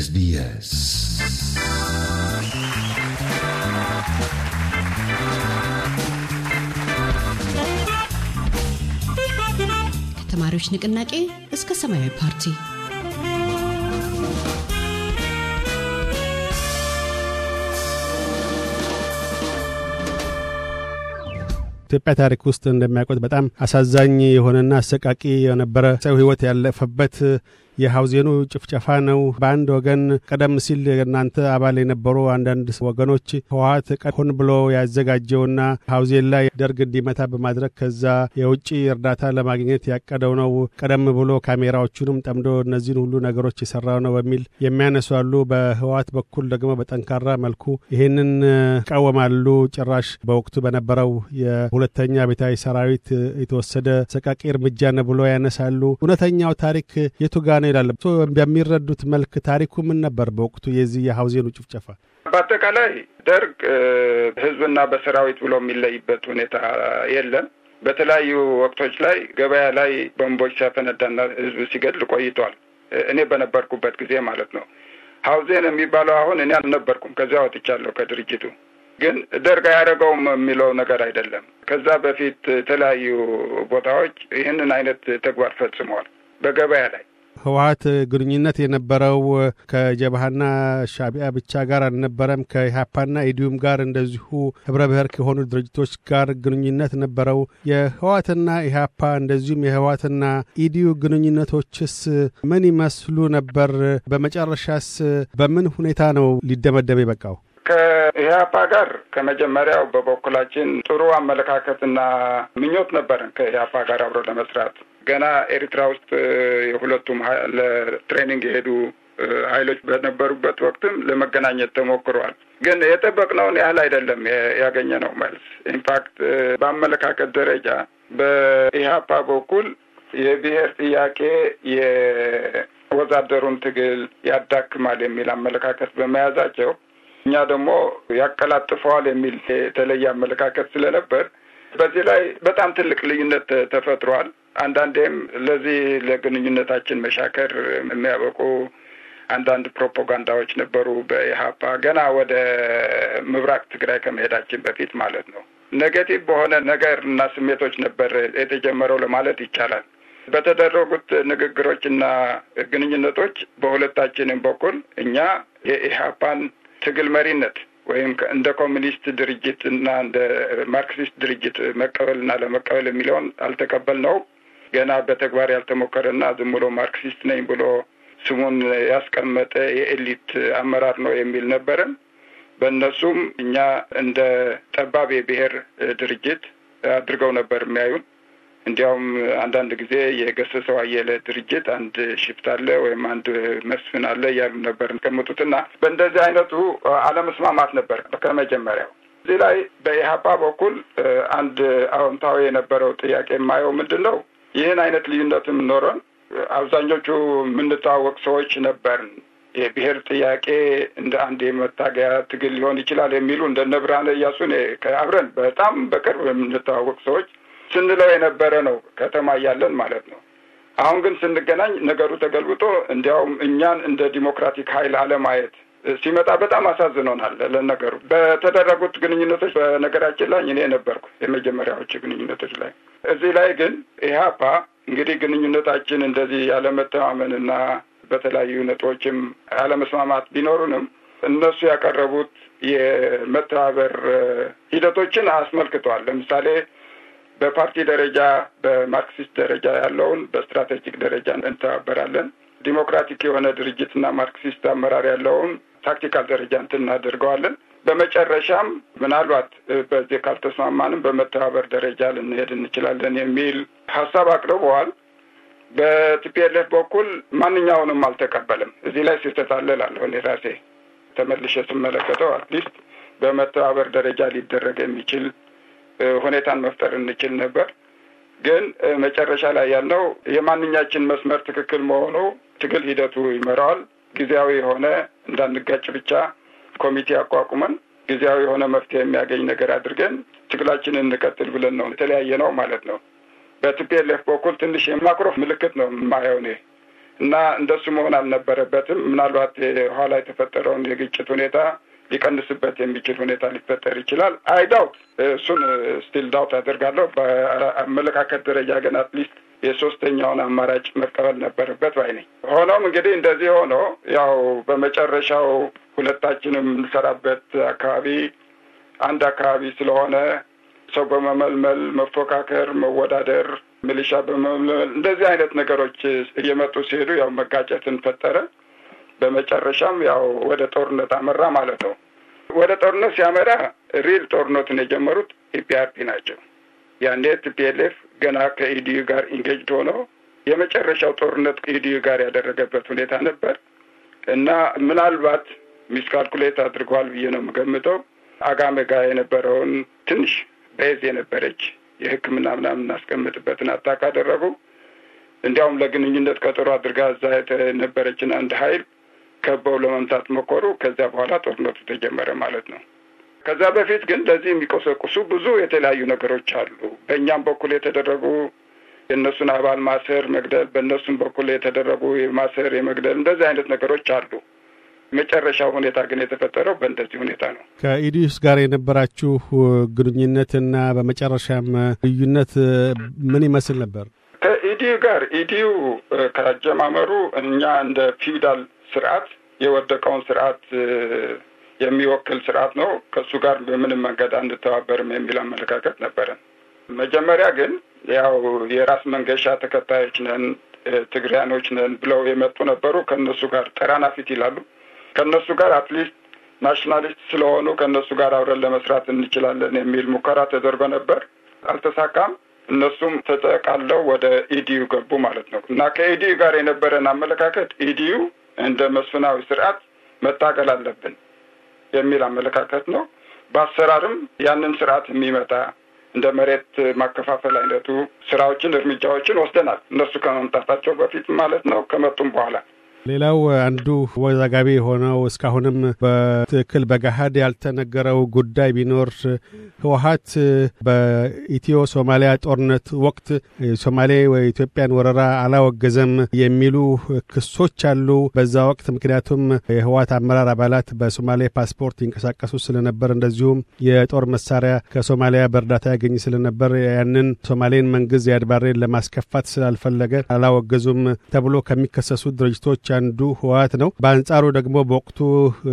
tres días. ከተማሪዎች ንቅናቄ እስከ ሰማያዊ ፓርቲ ኢትዮጵያ ታሪክ ውስጥ እንደሚያውቁት በጣም አሳዛኝ የሆነና አሰቃቂ የነበረ ሰው ሕይወት ያለፈበት የሐውዜኑ ጭፍጨፋ ነው። በአንድ ወገን ቀደም ሲል እናንተ አባል የነበሩ አንዳንድ ወገኖች ህወሀት ሆን ብሎ ያዘጋጀውና ሐውዜን ላይ ደርግ እንዲመታ በማድረግ ከዛ የውጭ እርዳታ ለማግኘት ያቀደው ነው፣ ቀደም ብሎ ካሜራዎቹንም ጠምዶ እነዚህን ሁሉ ነገሮች የሰራው ነው በሚል የሚያነሱ አሉ። በህወሀት በኩል ደግሞ በጠንካራ መልኩ ይህንን ይቃወማሉ። ጭራሽ በወቅቱ በነበረው የሁለተኛ ቤታዊ ሰራዊት የተወሰደ ሰቃቂ እርምጃ ነው ብሎ ያነሳሉ። እውነተኛው ታሪክ የቱ ጋር ነው ይላል። በሚረዱት መልክ ታሪኩ ምን ነበር? በወቅቱ የዚህ የሀውዜኑ ጭፍጨፋ በአጠቃላይ ደርግ ህዝብና በሰራዊት ብሎ የሚለይበት ሁኔታ የለም። በተለያዩ ወቅቶች ላይ ገበያ ላይ ቦምቦች ሲያፈነዳና ህዝብ ሲገድል ቆይቷል። እኔ በነበርኩበት ጊዜ ማለት ነው። ሀውዜን የሚባለው አሁን እኔ አልነበርኩም፣ ከዚያ ወጥቻለሁ ከድርጅቱ። ግን ደርግ አያደርገውም የሚለው ነገር አይደለም። ከዛ በፊት የተለያዩ ቦታዎች ይህንን አይነት ተግባር ፈጽመዋል በገበያ ላይ ህወሀት ግንኙነት የነበረው ከጀብሃና ሻቢያ ብቻ ጋር አልነበረም። ከኢህአፓና ኢዲዩም ጋር እንደዚሁ ህብረ ብሔር ከሆኑ ድርጅቶች ጋር ግንኙነት ነበረው። የህወሀትና ኢህአፓ እንደዚሁም የህወሀትና ኢዲዩ ግንኙነቶችስ ምን ይመስሉ ነበር? በመጨረሻስ በምን ሁኔታ ነው ሊደመደም የበቃው? ከኢህአፓ ጋር ከመጀመሪያው በበኩላችን ጥሩ አመለካከትና ምኞት ነበረን። ከኢህአፓ ጋር አብሮ ለመስራት ገና ኤሪትራ ውስጥ የሁለቱም ለትሬኒንግ የሄዱ ኃይሎች በነበሩበት ወቅትም ለመገናኘት ተሞክሯል። ግን የጠበቅነውን ያህል አይደለም ያገኘ ነው መልስ። ኢንፋክት በአመለካከት ደረጃ በኢህአፓ በኩል የብሔር ጥያቄ የወዛደሩን ትግል ያዳክማል የሚል አመለካከት በመያዛቸው እኛ ደግሞ ያቀላጥፈዋል የሚል የተለየ አመለካከት ስለነበር በዚህ ላይ በጣም ትልቅ ልዩነት ተፈጥሯል። አንዳንዴም ለዚህ ለግንኙነታችን መሻከር የሚያበቁ አንዳንድ ፕሮፓጋንዳዎች ነበሩ በኢህአፓ ገና ወደ ምብራቅ ትግራይ ከመሄዳችን በፊት ማለት ነው። ኔጌቲቭ በሆነ ነገር እና ስሜቶች ነበር የተጀመረው ለማለት ይቻላል። በተደረጉት ንግግሮችና ግንኙነቶች በሁለታችንም በኩል እኛ የኢህአፓን ትግል መሪነት ወይም እንደ ኮሚኒስት ድርጅት እና እንደ ማርክሲስት ድርጅት መቀበልና ለመቀበል የሚለውን አልተቀበልነውም። ገና በተግባር ያልተሞከረና ዝም ብሎ ማርክሲስት ነኝ ብሎ ስሙን ያስቀመጠ የኤሊት አመራር ነው የሚል ነበረ። በእነሱም እኛ እንደ ጠባብ የብሔር ድርጅት አድርገው ነበር የሚያዩን። እንዲያውም አንዳንድ ጊዜ የገሰሰው አየለ ድርጅት አንድ ሽፍት አለ ወይም አንድ መስፍን አለ እያሉ ነበር የሚቀምጡትና በእንደዚህ አይነቱ አለመስማማት ነበር ከመጀመሪያው። እዚህ ላይ በኢህአፓ በኩል አንድ አዎንታዊ የነበረው ጥያቄ የማየው ምንድን ነው ይህን አይነት ልዩነትም ኖረን አብዛኞቹ የምንታወቅ ሰዎች ነበርን። የብሔር ጥያቄ እንደ አንድ የመታገያ ትግል ሊሆን ይችላል የሚሉ እንደ ነብርሃነ እያሱን አብረን በጣም በቅርብ የምንተዋወቅ ሰዎች ስንለው የነበረ ነው፣ ከተማ እያለን ማለት ነው። አሁን ግን ስንገናኝ ነገሩ ተገልብጦ እንዲያውም እኛን እንደ ዲሞክራቲክ ኃይል አለማየት ሲመጣ በጣም አሳዝኖናል። ለነገሩ በተደረጉት ግንኙነቶች፣ በነገራችን ላይ እኔ ነበርኩ የመጀመሪያዎች ግንኙነቶች ላይ እዚህ ላይ ግን ኢህአፓ እንግዲህ ግንኙነታችን እንደዚህ ያለመተማመንና በተለያዩ ነጥቦችም አለመስማማት ቢኖሩንም እነሱ ያቀረቡት የመተባበር ሂደቶችን አስመልክቷል። ለምሳሌ በፓርቲ ደረጃ በማርክሲስት ደረጃ ያለውን በስትራቴጂክ ደረጃ እንተባበራለን። ዲሞክራቲክ የሆነ ድርጅትና ማርክሲስት አመራር ያለውን ታክቲካል ደረጃ እንትን እናደርገዋለን። በመጨረሻም ምናልባት በዚህ ካልተስማማንም በመተባበር ደረጃ ልንሄድ እንችላለን የሚል ሀሳብ አቅርበዋል። በቲፒኤልኤፍ በኩል ማንኛውንም አልተቀበልም። እዚህ ላይ ስህተት አለ እላለሁ እኔ ራሴ ተመልሼ ስመለከተው አትሊስት በመተባበር ደረጃ ሊደረግ የሚችል ሁኔታን መፍጠር እንችል ነበር። ግን መጨረሻ ላይ ያልነው የማንኛችን መስመር ትክክል መሆኑ ትግል ሂደቱ ይመራዋል። ጊዜያዊ የሆነ እንዳንጋጭ ብቻ ኮሚቴ አቋቁመን ጊዜያዊ የሆነ መፍትሄ የሚያገኝ ነገር አድርገን ትግላችንን እንቀጥል ብለን ነው የተለያየ ነው ማለት ነው። በቲፒኤልኤፍ በኩል ትንሽ የማኩረፍ ምልክት ነው የማየው እኔ እና እንደሱ መሆን አልነበረበትም። ምናልባት ኋላ የተፈጠረውን የግጭት ሁኔታ ሊቀንስበት የሚችል ሁኔታ ሊፈጠር ይችላል። አይ ዳውት እሱን ስቲል ዳውት አደርጋለሁ። በአመለካከት ደረጃ ግን አትሊስት የሶስተኛውን አማራጭ መቀበል ነበረበት ባይ ነኝ። ሆኖም እንግዲህ እንደዚህ ሆኖ ያው በመጨረሻው ሁለታችንም የምንሰራበት አካባቢ አንድ አካባቢ ስለሆነ ሰው በመመልመል መፎካከር፣ መወዳደር፣ ሚሊሻ በመመልመል እንደዚህ አይነት ነገሮች እየመጡ ሲሄዱ ያው መጋጨትን ፈጠረ። በመጨረሻም ያው ወደ ጦርነት አመራ ማለት ነው። ወደ ጦርነት ሲያመራ ሪል ጦርነትን የጀመሩት ኢፒአርፒ ናቸው። ያኔ ቲፒኤልኤፍ ገና ከኢዲዩ ጋር ኢንጌጅድ ሆኖ የመጨረሻው ጦርነት ከኢዲዩ ጋር ያደረገበት ሁኔታ ነበር እና ምናልባት ሚስካልኩሌት አድርጓል ብዬ ነው የምገምተው። አጋመጋ የነበረውን ትንሽ በዝ የነበረች የሕክምና ምናምን እናስቀምጥበትን አታክ አደረጉ። እንዲያውም ለግንኙነት ቀጠሮ አድርጋ እዛ የነበረችን አንድ ኃይል ከበው ለመምታት መኮሩ። ከዚያ በኋላ ጦርነቱ ተጀመረ ማለት ነው። ከዛ በፊት ግን ለዚህ የሚቆሰቁሱ ብዙ የተለያዩ ነገሮች አሉ። በእኛም በኩል የተደረጉ የእነሱን አባል ማሰር፣ መግደል፣ በእነሱም በኩል የተደረጉ የማሰር የመግደል እንደዚህ አይነት ነገሮች አሉ። መጨረሻው ሁኔታ ግን የተፈጠረው በእንደዚህ ሁኔታ ነው። ከኢዲዩስ ጋር የነበራችሁ ግንኙነትና በመጨረሻም ልዩነት ምን ይመስል ነበር? ከኢዲዩ ጋር ኢዲዩ ከጀማመሩ እኛ እንደ ፊውዳል ስርዓት የወደቀውን ስርዓት የሚወክል ስርዓት ነው፣ ከእሱ ጋር በምንም መንገድ አንተባበርም የሚል አመለካከት ነበረን። መጀመሪያ ግን ያው የራስ መንገሻ ተከታዮች ነን ትግሪያኖች ነን ብለው የመጡ ነበሩ። ከእነሱ ጋር ፊት ይላሉ ከእነሱ ጋር አትሊስት ናሽናሊስት ስለሆኑ ከእነሱ ጋር አብረን ለመስራት እንችላለን የሚል ሙከራ ተደርጎ ነበር። አልተሳካም። እነሱም ተጠቃለው ወደ ኢዲዩ ገቡ ማለት ነው እና ከኢዲዩ ጋር የነበረን አመለካከት ኢዲዩ እንደ መስፍናዊ ስርዓት መታገል አለብን የሚል አመለካከት ነው። በአሰራርም ያንን ስርዓት የሚመጣ እንደ መሬት ማከፋፈል አይነቱ ስራዎችን፣ እርምጃዎችን ወስደናል። እነሱ ከመምጣታቸው በፊት ማለት ነው፣ ከመጡም በኋላ ሌላው አንዱ ወዛጋቢ የሆነው እስካሁንም በትክክል በገሃድ ያልተነገረው ጉዳይ ቢኖር ህወሀት በኢትዮ ሶማሊያ ጦርነት ወቅት ሶማሌ ኢትዮጵያን ወረራ አላወገዘም የሚሉ ክሶች አሉ። በዛ ወቅት ምክንያቱም የህወሀት አመራር አባላት በሶማሌ ፓስፖርት ይንቀሳቀሱ ስለነበር፣ እንደዚሁም የጦር መሳሪያ ከሶማሊያ በእርዳታ ያገኝ ስለነበር ያንን ሶማሌን መንግስት የአድባሬን ለማስከፋት ስላልፈለገ አላወገዙም ተብሎ ከሚከሰሱ ድርጅቶች አንዱ ህወሓት ነው። በአንጻሩ ደግሞ በወቅቱ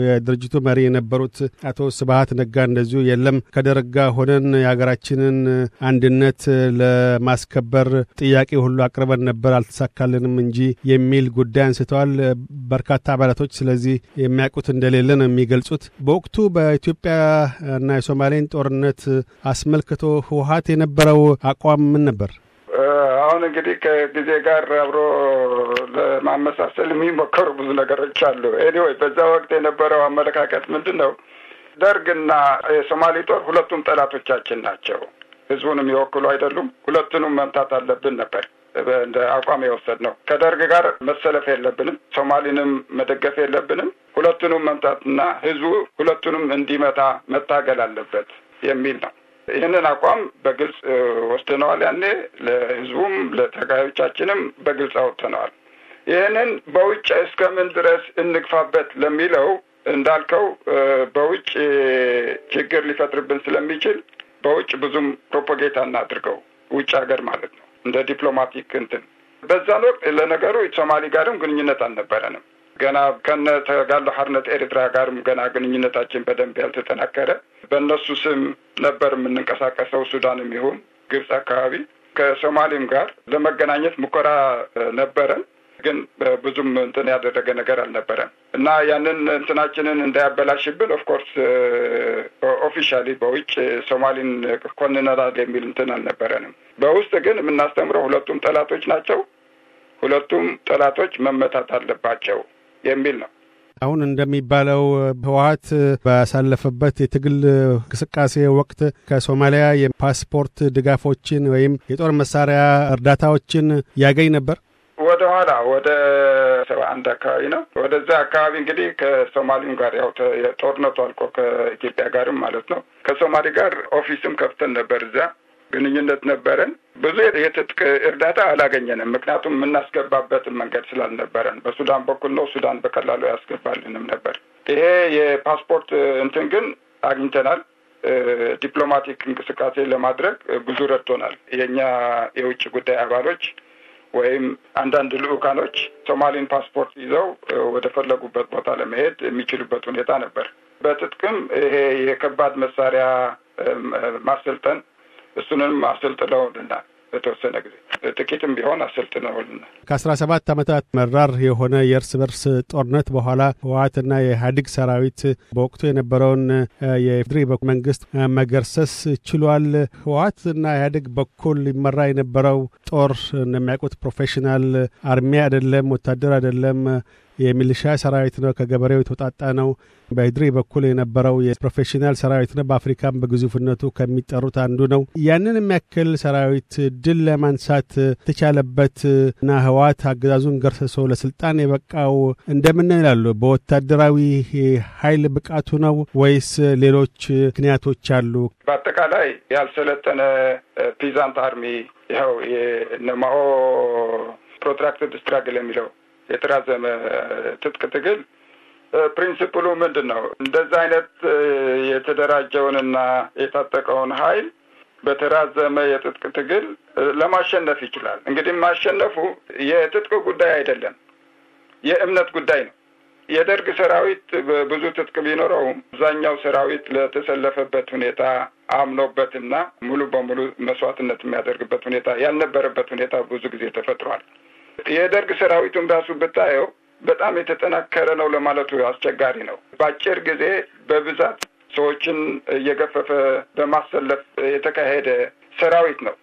የድርጅቱ መሪ የነበሩት አቶ ስብሀት ነጋ እንደዚሁ የለም ከደርግ ጋር ሆነን የሀገራችንን አንድነት ለማስከበር ጥያቄ ሁሉ አቅርበን ነበር አልተሳካልንም እንጂ የሚል ጉዳይ አንስተዋል። በርካታ አባላቶች ስለዚህ የሚያውቁት እንደሌለ ነው የሚገልጹት። በወቅቱ በኢትዮጵያ እና የሶማሌን ጦርነት አስመልክቶ ህወሓት የነበረው አቋም ምን ነበር? አሁን እንግዲህ ከጊዜ ጋር አብሮ ለማመሳሰል የሚሞከሩ ብዙ ነገሮች አሉ። ኤኒዌይ በዛ ወቅት የነበረው አመለካከት ምንድን ነው? ደርግና የሶማሌ ጦር ሁለቱም ጠላቶቻችን ናቸው። ህዝቡን የሚወክሉ አይደሉም። ሁለቱንም መምታት አለብን ነበር እንደ አቋም የወሰድ ነው። ከደርግ ጋር መሰለፍ የለብንም፣ ሶማሌንም መደገፍ የለብንም። ሁለቱንም መምታትና ህዝቡ ሁለቱንም እንዲመታ መታገል አለበት የሚል ነው። ይህንን አቋም በግልጽ ወስደነዋል። ያኔ ለህዝቡም ለተጋዮቻችንም በግልጽ አውጥተነዋል። ይህንን በውጭ እስከምን ድረስ እንግፋበት ለሚለው እንዳልከው በውጭ ችግር ሊፈጥርብን ስለሚችል በውጭ ብዙም ፕሮፓጌታ እናድርገው፣ ውጭ ሀገር ማለት ነው። እንደ ዲፕሎማቲክ እንትን በዛን ወቅት ለነገሩ ሶማሌ ጋርም ግንኙነት አልነበረንም። ገና ከነ ተጋድሎ ሀርነት ኤርትራ ጋርም ገና ግንኙነታችን በደንብ ያልተጠናከረ በእነሱ ስም ነበር የምንንቀሳቀሰው። ሱዳንም ይሁን ግብፅ አካባቢ ከሶማሌም ጋር ለመገናኘት ሙከራ ነበረን፣ ግን ብዙም እንትን ያደረገ ነገር አልነበረም እና ያንን እንትናችንን እንዳያበላሽብን ኦፍኮርስ ኦፊሻሊ በውጭ ሶማሊን ኮንነላል የሚል እንትን አልነበረንም። በውስጥ ግን የምናስተምረው ሁለቱም ጠላቶች ናቸው፣ ሁለቱም ጠላቶች መመታት አለባቸው የሚል ነው። አሁን እንደሚባለው ህወሀት ባሳለፈበት የትግል እንቅስቃሴ ወቅት ከሶማሊያ የፓስፖርት ድጋፎችን ወይም የጦር መሳሪያ እርዳታዎችን ያገኝ ነበር። ወደ ኋላ ወደ ሰባ አንድ አካባቢ ነው። ወደዛ አካባቢ እንግዲህ ከሶማሊም ጋር ያው ጦርነቱ አልቆ ከኢትዮጵያ ጋርም ማለት ነው ከሶማሌ ጋር ኦፊስም ከፍተን ነበር እዛ ግንኙነት ነበረን። ብዙ የትጥቅ እርዳታ አላገኘንም፣ ምክንያቱም የምናስገባበትን መንገድ ስላልነበረን። በሱዳን በኩል ነው፣ ሱዳን በቀላሉ ያስገባልንም ነበር። ይሄ የፓስፖርት እንትን ግን አግኝተናል። ዲፕሎማቲክ እንቅስቃሴ ለማድረግ ብዙ ረድቶናል። የእኛ የውጭ ጉዳይ አባሎች ወይም አንዳንድ ልዑካኖች ሶማሌን ፓስፖርት ይዘው ወደ ፈለጉበት ቦታ ለመሄድ የሚችሉበት ሁኔታ ነበር። በትጥቅም ይሄ የከባድ መሳሪያ ማሰልጠን እሱንም አሰልጥነውልናል። በተወሰነ ጊዜ ጥቂትም ቢሆን አሰልጥነውልና ከአስራ ሰባት ዓመታት መራር የሆነ የእርስ በርስ ጦርነት በኋላ ህወሀትና የኢህአዴግ ሰራዊት በወቅቱ የነበረውን የድሪ መንግስት መገርሰስ ችሏል። ህወሀትና ኢህአዴግ በኩል ሊመራ የነበረው ጦር እንደሚያውቁት ፕሮፌሽናል አርሚ አይደለም፣ ወታደር አይደለም የሚሊሻ ሰራዊት ነው፣ ከገበሬው የተውጣጣ ነው። በድሪ በኩል የነበረው የፕሮፌሽናል ሰራዊት ነው። በአፍሪካም በግዙፍነቱ ከሚጠሩት አንዱ ነው። ያንን የሚያክል ሰራዊት ድል ለማንሳት የተቻለበት እና ህወሓት አገዛዙን ገርሰሶ ለስልጣን የበቃው እንደምን ይላሉ? በወታደራዊ ኃይል ብቃቱ ነው ወይስ ሌሎች ምክንያቶች አሉ? በአጠቃላይ ያልሰለጠነ ፒዛንት አርሚ ይኸው የነማኦ ፕሮትራክትድ ስትራግል የሚለው የተራዘመ ትጥቅ ትግል ፕሪንሲፕሉ ምንድን ነው? እንደዛ አይነት የተደራጀውንና የታጠቀውን ሀይል በተራዘመ የትጥቅ ትግል ለማሸነፍ ይችላል። እንግዲህ ማሸነፉ የትጥቅ ጉዳይ አይደለም፣ የእምነት ጉዳይ ነው። የደርግ ሰራዊት ብዙ ትጥቅ ቢኖረውም አብዛኛው ሰራዊት ለተሰለፈበት ሁኔታ አምኖበትና ሙሉ በሙሉ መስዋዕትነት የሚያደርግበት ሁኔታ ያልነበረበት ሁኔታ ብዙ ጊዜ ተፈጥሯል። የደርግ ሰራዊቱን ራሱ ብታየው በጣም የተጠናከረ ነው ለማለቱ አስቸጋሪ ነው። በአጭር ጊዜ በብዛት ሰዎችን እየገፈፈ በማሰለፍ የተካሄደ ሰራዊት ነው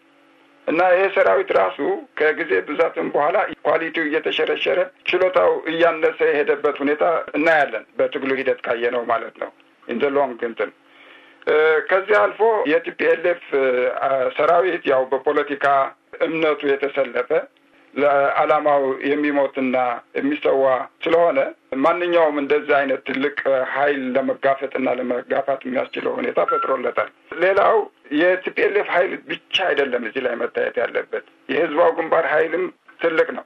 እና ይሄ ሰራዊት ራሱ ከጊዜ ብዛትም በኋላ ኳሊቲው እየተሸረሸረ ችሎታው እያነሰ የሄደበት ሁኔታ እናያለን። በትግሉ ሂደት ካየ ነው ማለት ነው ኢንደ እንትን ከዚህ አልፎ የቲፒኤልኤፍ ሰራዊት ያው በፖለቲካ እምነቱ የተሰለፈ ለዓላማው የሚሞትና የሚሰዋ ስለሆነ ማንኛውም እንደዚህ አይነት ትልቅ ኃይል ለመጋፈጥና ለመጋፋት የሚያስችለው ሁኔታ ፈጥሮለታል። ሌላው የቲፒኤልኤፍ ኃይል ብቻ አይደለም እዚህ ላይ መታየት ያለበት የህዝባው ግንባር ኃይልም ትልቅ ነው።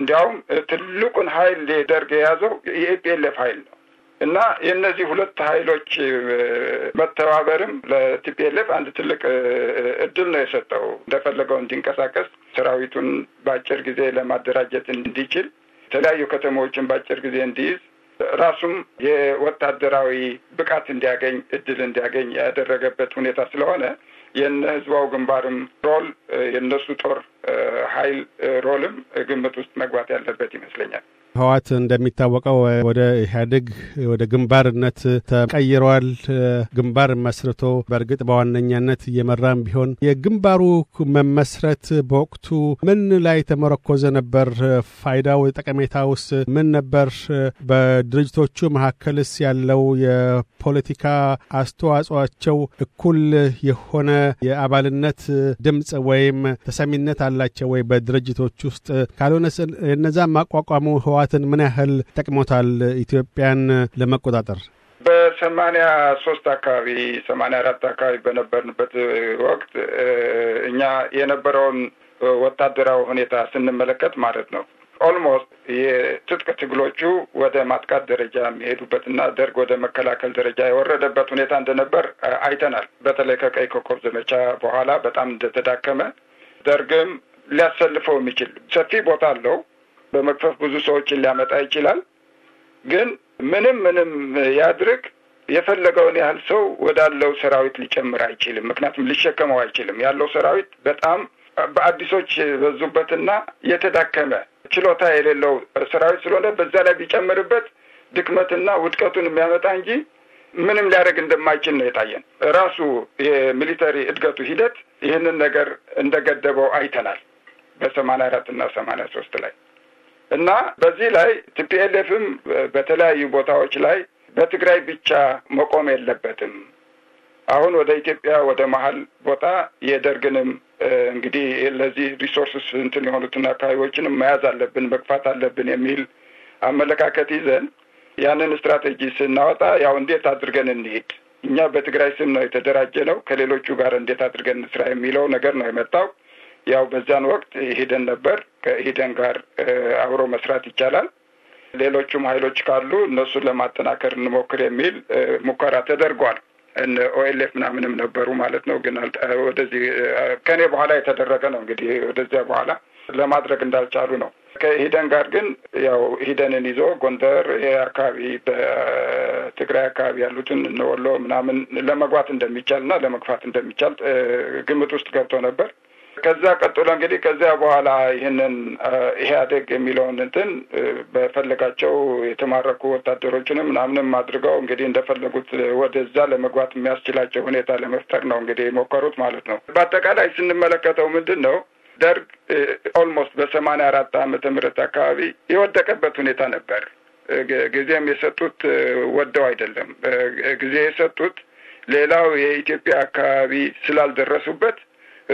እንዲያውም ትልቁን ኃይል ደርግ የያዘው የኢፒኤልኤፍ ኃይል ነው። እና የእነዚህ ሁለት ኃይሎች መተባበርም ለቲፒኤልኤፍ አንድ ትልቅ እድል ነው የሰጠው። እንደፈለገው እንዲንቀሳቀስ ሰራዊቱን በአጭር ጊዜ ለማደራጀት እንዲችል፣ የተለያዩ ከተሞችን በአጭር ጊዜ እንዲይዝ፣ ራሱም የወታደራዊ ብቃት እንዲያገኝ እድል እንዲያገኝ ያደረገበት ሁኔታ ስለሆነ የነ ህዝባው ግንባርም ሮል የእነሱ ጦር ኃይል ሮልም ግምት ውስጥ መግባት ያለበት ይመስለኛል። ህወሓት እንደሚታወቀው ወደ ኢህአዴግ ወደ ግንባርነት ተቀይረዋል። ግንባር መስርቶ በእርግጥ በዋነኛነት እየመራም ቢሆን የግንባሩ መመስረት በወቅቱ ምን ላይ ተመረኮዘ ነበር? ፋይዳው ጠቀሜታውስ ምን ነበር? በድርጅቶቹ መካከልስ ያለው የፖለቲካ አስተዋጽኦቸው እኩል የሆነ የአባልነት ድምፅ ወይም ተሰሚነት አላቸው ወይ በድርጅቶች ውስጥ ካልሆነ እነዛ ማቋቋሙ ህወሓት ህወሓትን ምን ያህል ጠቅሞታል ኢትዮጵያን ለመቆጣጠር? በሰማኒያ ሶስት አካባቢ ሰማኒያ አራት አካባቢ በነበርንበት ወቅት እኛ የነበረውን ወታደራዊ ሁኔታ ስንመለከት ማለት ነው ኦልሞስት የትጥቅ ትግሎቹ ወደ ማጥቃት ደረጃ የሚሄዱበትና ደርግ ወደ መከላከል ደረጃ የወረደበት ሁኔታ እንደነበር አይተናል። በተለይ ከቀይ ኮከብ ዘመቻ በኋላ በጣም እንደተዳከመ ደርግም ሊያሰልፈው የሚችል ሰፊ ቦታ አለው በመክፈፍ ብዙ ሰዎችን ሊያመጣ ይችላል። ግን ምንም ምንም ያድርግ የፈለገውን ያህል ሰው ወዳለው ሰራዊት ሊጨምር አይችልም። ምክንያቱም ሊሸከመው አይችልም። ያለው ሰራዊት በጣም በአዲሶች በዙበትና የተዳከመ ችሎታ የሌለው ሰራዊት ስለሆነ በዛ ላይ ቢጨምርበት ድክመትና ውድቀቱን የሚያመጣ እንጂ ምንም ሊያደርግ እንደማይችል ነው የታየን። ራሱ የሚሊተሪ እድገቱ ሂደት ይህንን ነገር እንደገደበው አይተናል በሰማንያ አራት እና ሰማንያ ሶስት ላይ እና በዚህ ላይ ቲፒኤልኤፍም በተለያዩ ቦታዎች ላይ በትግራይ ብቻ መቆም የለበትም። አሁን ወደ ኢትዮጵያ ወደ መሀል ቦታ የደርግንም እንግዲህ ለዚህ ሪሶርስስ እንትን የሆኑትን አካባቢዎችንም መያዝ አለብን፣ መግፋት አለብን የሚል አመለካከት ይዘን ያንን ስትራቴጂ ስናወጣ ያው እንዴት አድርገን እንሄድ እኛ በትግራይ ስም ነው የተደራጀ ነው ከሌሎቹ ጋር እንዴት አድርገን እንስራ የሚለው ነገር ነው የመጣው። ያው በዚያን ወቅት ሄደን ነበር ከኢደን ጋር አብሮ መስራት ይቻላል። ሌሎቹም ሀይሎች ካሉ እነሱን ለማጠናከር እንሞክር የሚል ሙከራ ተደርጓል። እነ ኦኤልኤፍ ምናምንም ነበሩ ማለት ነው። ግን ወደዚህ ከእኔ በኋላ የተደረገ ነው። እንግዲህ ወደዚያ በኋላ ለማድረግ እንዳልቻሉ ነው። ከሂደን ጋር ግን ያው ሂደንን ይዞ ጎንደር፣ አካባቢ በትግራይ አካባቢ ያሉትን እነ ምናምን ለመግባት እንደሚቻል እና ለመግፋት እንደሚቻል ግምት ውስጥ ገብቶ ነበር። ከዛ ቀጥሎ እንግዲህ ከዚያ በኋላ ይህንን ኢህአዴግ የሚለውን እንትን በፈለጋቸው የተማረኩ ወታደሮችንም ምናምንም አድርገው እንግዲህ እንደፈለጉት ወደዛ ለመግባት የሚያስችላቸው ሁኔታ ለመፍጠር ነው እንግዲህ የሞከሩት ማለት ነው። በአጠቃላይ ስንመለከተው ምንድን ነው ደርግ ኦልሞስት በሰማንያ አራት ዓመተ ምህረት አካባቢ የወደቀበት ሁኔታ ነበር። ጊዜም የሰጡት ወደው አይደለም። ጊዜ የሰጡት ሌላው የኢትዮጵያ አካባቢ ስላልደረሱበት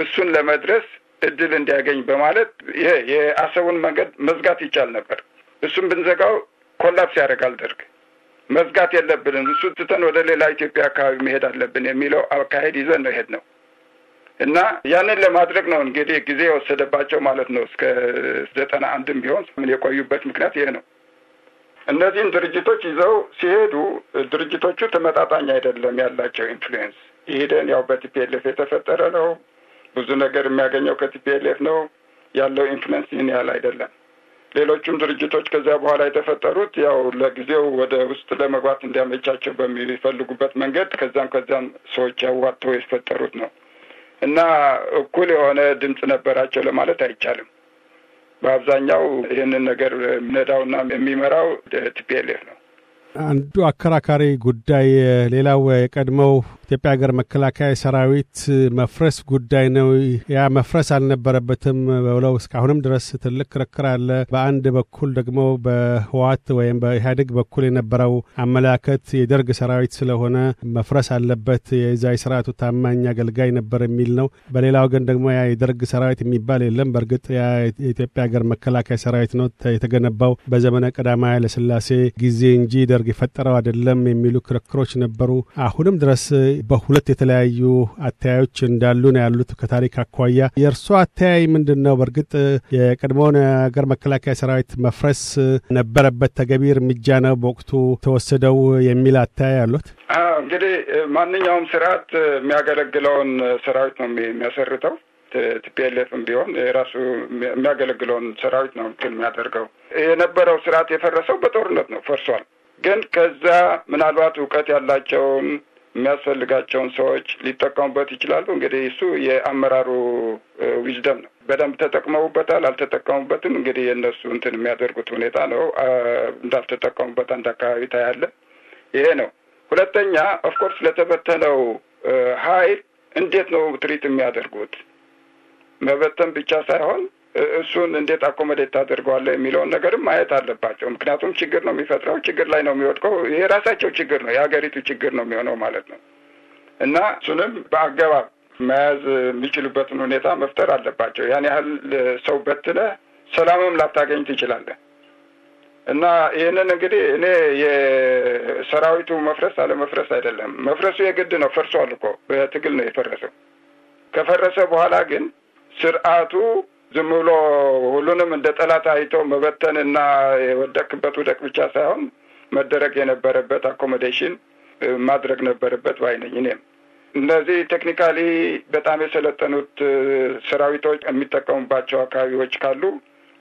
እሱን ለመድረስ እድል እንዲያገኝ በማለት ይሄ የአሰቡን መንገድ መዝጋት ይቻል ነበር። እሱን ብንዘጋው ኮላፕስ ያደርጋል ደርግ። መዝጋት የለብንም እሱ ትተን ወደ ሌላ ኢትዮጵያ አካባቢ መሄድ አለብን የሚለው አካሄድ ይዘን ነው ሄድ ነው እና ያንን ለማድረግ ነው እንግዲህ ጊዜ የወሰደባቸው ማለት ነው። እስከ ዘጠና አንድም ቢሆን ምን የቆዩበት ምክንያት ይሄ ነው። እነዚህን ድርጅቶች ይዘው ሲሄዱ ድርጅቶቹ ተመጣጣኝ አይደለም ያላቸው ኢንፍሉዌንስ ይሄደን ያው በቲፒኤልኤፍ የተፈጠረ ነው። ብዙ ነገር የሚያገኘው ከቲፒኤልኤፍ ነው ያለው ኢንፍሉዌንስ ይህን ያህል አይደለም። ሌሎቹም ድርጅቶች ከዚያ በኋላ የተፈጠሩት ያው ለጊዜው ወደ ውስጥ ለመግባት እንዲያመቻቸው በሚፈልጉበት መንገድ ከዚያም ከዚያም ሰዎች ያዋጥተው የተፈጠሩት ነው እና እኩል የሆነ ድምፅ ነበራቸው ለማለት አይቻልም። በአብዛኛው ይህንን ነገር የሚነዳውና የሚመራው ቲፒኤልኤፍ ነው። አንዱ አከራካሪ ጉዳይ ሌላው የቀድሞው ኢትዮጵያ ሀገር መከላከያ ሰራዊት መፍረስ ጉዳይ ነው። ያ መፍረስ አልነበረበትም ብለው እስካሁንም ድረስ ትልቅ ክርክር አለ። በአንድ በኩል ደግሞ በህዋት ወይም በኢህአዴግ በኩል የነበረው አመላከት የደርግ ሰራዊት ስለሆነ መፍረስ አለበት፣ የዛ የስርዓቱ ታማኝ አገልጋይ ነበር የሚል ነው። በሌላ ወገን ደግሞ ያ የደርግ ሰራዊት የሚባል የለም። በእርግጥ ያ የኢትዮጵያ ሀገር መከላከያ ሰራዊት ነው የተገነባው በዘመነ ቀዳማዊ ኃይለሥላሴ ጊዜ እንጂ ሉክሰምበርግ የፈጠረው አይደለም የሚሉ ክርክሮች ነበሩ። አሁንም ድረስ በሁለት የተለያዩ አተያዮች እንዳሉ ነው ያሉት። ከታሪክ አኳያ የእርሶ አተያይ ምንድን ነው? በእርግጥ የቀድሞውን ሀገር መከላከያ ሰራዊት መፍረስ ነበረበት፣ ተገቢ እርምጃ ነው በወቅቱ ተወሰደው የሚል አተያይ አሉት? እንግዲህ ማንኛውም ስርዓት የሚያገለግለውን ሰራዊት ነው የሚያሰርተው ቲፒኤልኤፍም ቢሆን የራሱ የሚያገለግለውን ሰራዊት ነው ክል የሚያደርገው። የነበረው ስርዓት የፈረሰው በጦርነት ነው፣ ፈርሷል። ግን ከዛ ምናልባት እውቀት ያላቸውን የሚያስፈልጋቸውን ሰዎች ሊጠቀሙበት ይችላሉ። እንግዲህ እሱ የአመራሩ ዊዝደም ነው። በደንብ ተጠቅመውበታል፣ አልተጠቀሙበትም። እንግዲህ የእነሱ እንትን የሚያደርጉት ሁኔታ ነው። እንዳልተጠቀሙበት አንድ አካባቢ ታያለ። ይሄ ነው። ሁለተኛ ኦፍኮርስ ለተበተነው ኃይል እንዴት ነው ትሪት የሚያደርጉት? መበተን ብቻ ሳይሆን እሱን እንዴት አኮመዴት ታደርገዋለህ የሚለውን ነገርም ማየት አለባቸው። ምክንያቱም ችግር ነው የሚፈጥረው፣ ችግር ላይ ነው የሚወድቀው። የራሳቸው ችግር ነው፣ የሀገሪቱ ችግር ነው የሚሆነው ማለት ነው እና እሱንም በአገባብ መያዝ የሚችሉበትን ሁኔታ መፍጠር አለባቸው። ያን ያህል ሰው በትነ ሰላምም ላታገኝ ትችላለህ። እና ይህንን እንግዲህ እኔ የሰራዊቱ መፍረስ አለመፍረስ አይደለም። መፍረሱ የግድ ነው። ፈርሷል እኮ በትግል ነው የፈረሰው። ከፈረሰ በኋላ ግን ስርዓቱ ዝም ብሎ ሁሉንም እንደ ጠላት አይቶ መበተን እና የወደክበት ውደቅ ብቻ ሳይሆን መደረግ የነበረበት አኮሞዴሽን ማድረግ ነበረበት ባይ ነኝ እኔም። እነዚህ ቴክኒካሊ በጣም የሰለጠኑት ሰራዊቶች የሚጠቀሙባቸው አካባቢዎች ካሉ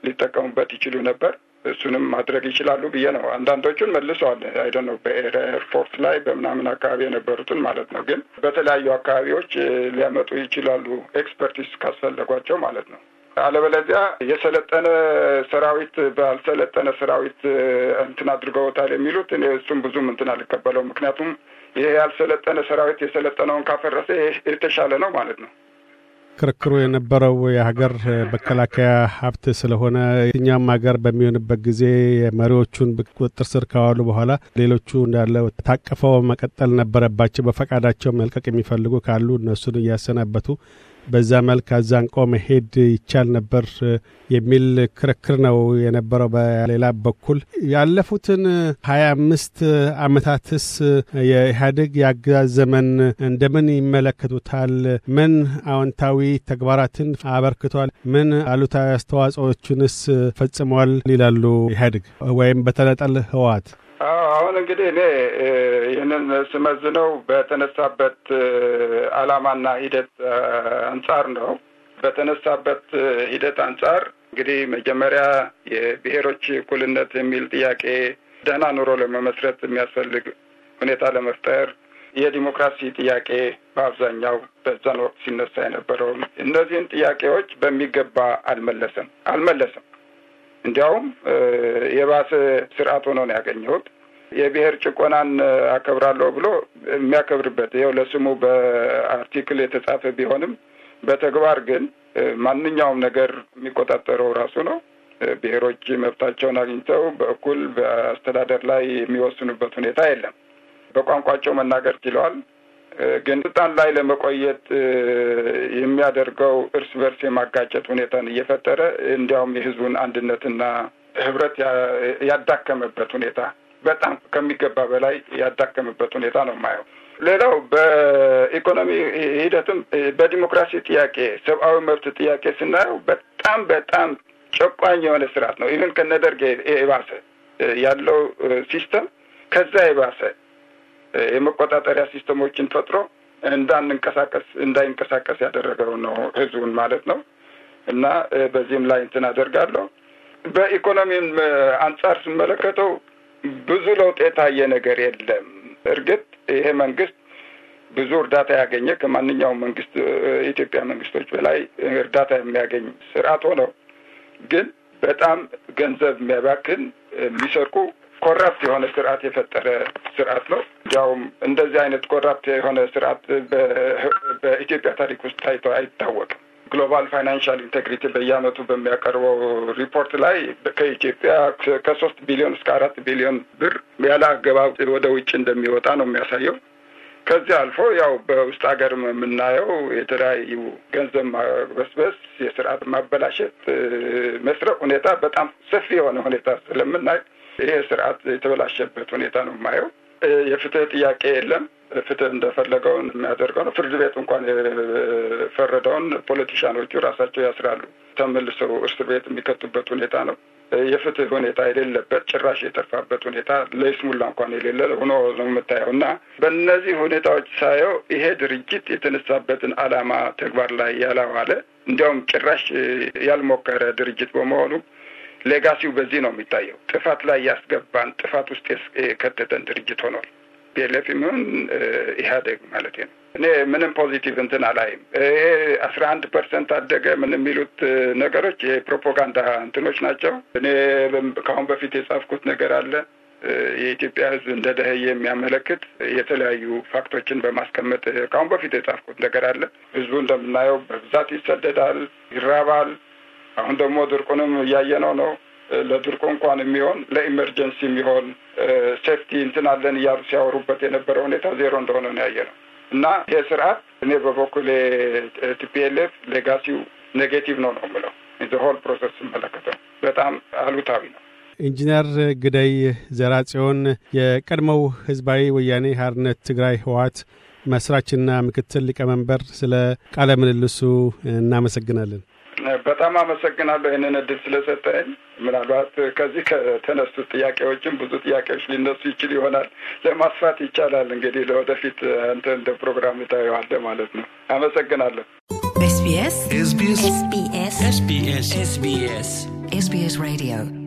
ሊጠቀሙበት ይችሉ ነበር። እሱንም ማድረግ ይችላሉ ብዬ ነው። አንዳንዶቹን መልሰዋል። አይደ ነው በኤርፎርስ ላይ በምናምን አካባቢ የነበሩትን ማለት ነው። ግን በተለያዩ አካባቢዎች ሊያመጡ ይችላሉ ኤክስፐርቲስ ካስፈለጓቸው ማለት ነው። አለበለዚያ የሰለጠነ ሰራዊት ባልሰለጠነ ሰራዊት እንትን አድርገውታል የሚሉት እኔ እሱም ብዙም እንትን አልቀበለው። ምክንያቱም ይሄ ያልሰለጠነ ሰራዊት የሰለጠነውን ካፈረሰ የተሻለ ነው ማለት ነው። ክርክሩ የነበረው የሀገር መከላከያ ሀብት ስለሆነ የትኛውም ሀገር በሚሆንበት ጊዜ መሪዎቹን ቁጥጥር ስር ካዋሉ በኋላ ሌሎቹ እንዳለ ታቅፈው መቀጠል ነበረባቸው። በፈቃዳቸው መልቀቅ የሚፈልጉ ካሉ እነሱን እያሰናበቱ በዛ መልክ አዛንቆ መሄድ ይቻል ነበር የሚል ክርክር ነው የነበረው። በሌላ በኩል ያለፉትን ሀያ አምስት አመታትስ የኢህአዴግ የአገዛዝ ዘመን እንደምን ይመለከቱታል? ምን አዎንታዊ ተግባራትን አበርክቷል? ምን አሉታዊ አስተዋጽኦቹንስ ፈጽሟል ይላሉ ኢህአዴግ ወይም በተናጠል ህወሓት? አሁን እንግዲህ እኔ ይህንን ስመዝነው በተነሳበት ዓላማና ሂደት አንጻር ነው። በተነሳበት ሂደት አንጻር እንግዲህ መጀመሪያ የብሔሮች እኩልነት የሚል ጥያቄ ደህና ኑሮ ለመመስረት የሚያስፈልግ ሁኔታ ለመፍጠር የዲሞክራሲ ጥያቄ በአብዛኛው በዛን ወቅት ሲነሳ የነበረውን እነዚህን ጥያቄዎች በሚገባ አልመለሰም አልመለሰም እንዲያውም የባሰ ስርዓት ሆኖ ነው ያገኘሁት። የብሔር ጭቆናን አከብራለሁ ብሎ የሚያከብርበት ይኸው ለስሙ በአርቲክል የተጻፈ ቢሆንም በተግባር ግን ማንኛውም ነገር የሚቆጣጠረው ራሱ ነው። ብሔሮች መብታቸውን አግኝተው በእኩል በአስተዳደር ላይ የሚወስኑበት ሁኔታ የለም። በቋንቋቸው መናገር ችለዋል። ግን ስልጣን ላይ ለመቆየት የሚያደርገው እርስ በርስ የማጋጨት ሁኔታን እየፈጠረ እንዲያውም የህዝቡን አንድነትና ህብረት ያዳከመበት ሁኔታ በጣም ከሚገባ በላይ ያዳከመበት ሁኔታ ነው የማየው። ሌላው በኢኮኖሚ ሂደትም በዲሞክራሲ ጥያቄ፣ ሰብአዊ መብት ጥያቄ ስናየው በጣም በጣም ጨቋኝ የሆነ ስርዓት ነው። ኢቨን ከነደርግ የባሰ ያለው ሲስተም ከዛ የባሰ የመቆጣጠሪያ ሲስተሞችን ፈጥሮ እንዳንንቀሳቀስ እንዳይንቀሳቀስ ያደረገው ነው ህዝቡን ማለት ነው። እና በዚህም ላይ እንትን አደርጋለሁ። በኢኮኖሚም አንጻር ስመለከተው ብዙ ለውጥ የታየ ነገር የለም። እርግጥ ይሄ መንግስት ብዙ እርዳታ ያገኘ ከማንኛውም መንግስት ኢትዮጵያ መንግስቶች በላይ እርዳታ የሚያገኝ ስርዓት ሆነው ግን በጣም ገንዘብ የሚያባክን የሚሰርቁ ኮራፕት የሆነ ስርዓት የፈጠረ ስርዓት ነው። ያውም እንደዚህ አይነት ኮራፕት የሆነ ስርዓት በኢትዮጵያ ታሪክ ውስጥ ታይቶ አይታወቅም። ግሎባል ፋይናንሻል ኢንቴግሪቲ በየአመቱ በሚያቀርበው ሪፖርት ላይ ከኢትዮጵያ ከሶስት ቢሊዮን እስከ አራት ቢሊዮን ብር ያለ አገባብ ወደ ውጭ እንደሚወጣ ነው የሚያሳየው። ከዚህ አልፎ ያው በውስጥ ሀገር የምናየው የተለያዩ ገንዘብ ማበስበስ፣ የስርዓት ማበላሸት መስረቅ ሁኔታ በጣም ሰፊ የሆነ ሁኔታ ስለምናይ ይሄ ስርዓት የተበላሸበት ሁኔታ ነው የማየው። የፍትህ ጥያቄ የለም። ፍትህ እንደፈለገውን የሚያደርገው ነው። ፍርድ ቤት እንኳን የፈረደውን ፖለቲሻኖቹ ራሳቸው ያስራሉ፣ ተመልሰው እስር ቤት የሚከቱበት ሁኔታ ነው። የፍትህ ሁኔታ የሌለበት ጭራሽ የጠፋበት ሁኔታ ለይስሙላ እንኳን የሌለ ሆኖ ነው የምታየው እና በእነዚህ ሁኔታዎች ሳየው ይሄ ድርጅት የተነሳበትን ዓላማ ተግባር ላይ ያላዋለ እንዲያውም ጭራሽ ያልሞከረ ድርጅት በመሆኑ ሌጋሲው በዚህ ነው የሚታየው። ጥፋት ላይ ያስገባን ጥፋት ውስጥ የከተተን ድርጅት ሆኗል። ፒኤልኤፍ ይሁን ኢህአዴግ ማለት ነው። እኔ ምንም ፖዚቲቭ እንትን አላይም። ይሄ አስራ አንድ ፐርሰንት አደገ ምን የሚሉት ነገሮች የፕሮፓጋንዳ እንትኖች ናቸው። እኔ ከአሁን በፊት የጻፍኩት ነገር አለ የኢትዮጵያ ሕዝብ እንደ ደህየ የሚያመለክት የተለያዩ ፋክቶችን በማስቀመጥ ከአሁን በፊት የጻፍኩት ነገር አለ። ሕዝቡ እንደምናየው በብዛት ይሰደዳል፣ ይራባል አሁን ደግሞ ድርቁንም እያየነው ነው። ለድርቁ እንኳን የሚሆን ለኢመርጀንሲ የሚሆን ሴፍቲ እንትን አለን እያሉ ሲያወሩበት የነበረ ሁኔታ ዜሮ እንደሆነ ነው ያየነው እና ይሄ ስርዓት እኔ በበኩሌ ቲፒኤልኤፍ ሌጋሲው ኔጌቲቭ ነው ነው የምለው ሆል ፕሮሰስ ስመለከተው በጣም አሉታዊ ነው። ኢንጂነር ግደይ ዘራጽዮን የቀድሞው ህዝባዊ ወያኔ ሀርነት ትግራይ ህወሓት መስራችና ምክትል ሊቀመንበር፣ ስለ ቃለ ምልልሱ እናመሰግናለን። በጣም አመሰግናለሁ ይህንን እድል ስለሰጠኝ። ምናልባት ከዚህ ከተነሱት ጥያቄዎችም ብዙ ጥያቄዎች ሊነሱ ይችል ይሆናል። ለማስፋት ይቻላል እንግዲህ ለወደፊት አንተ እንደ ፕሮግራም ታየዋለ ማለት ነው። አመሰግናለሁ። ሬዲዮ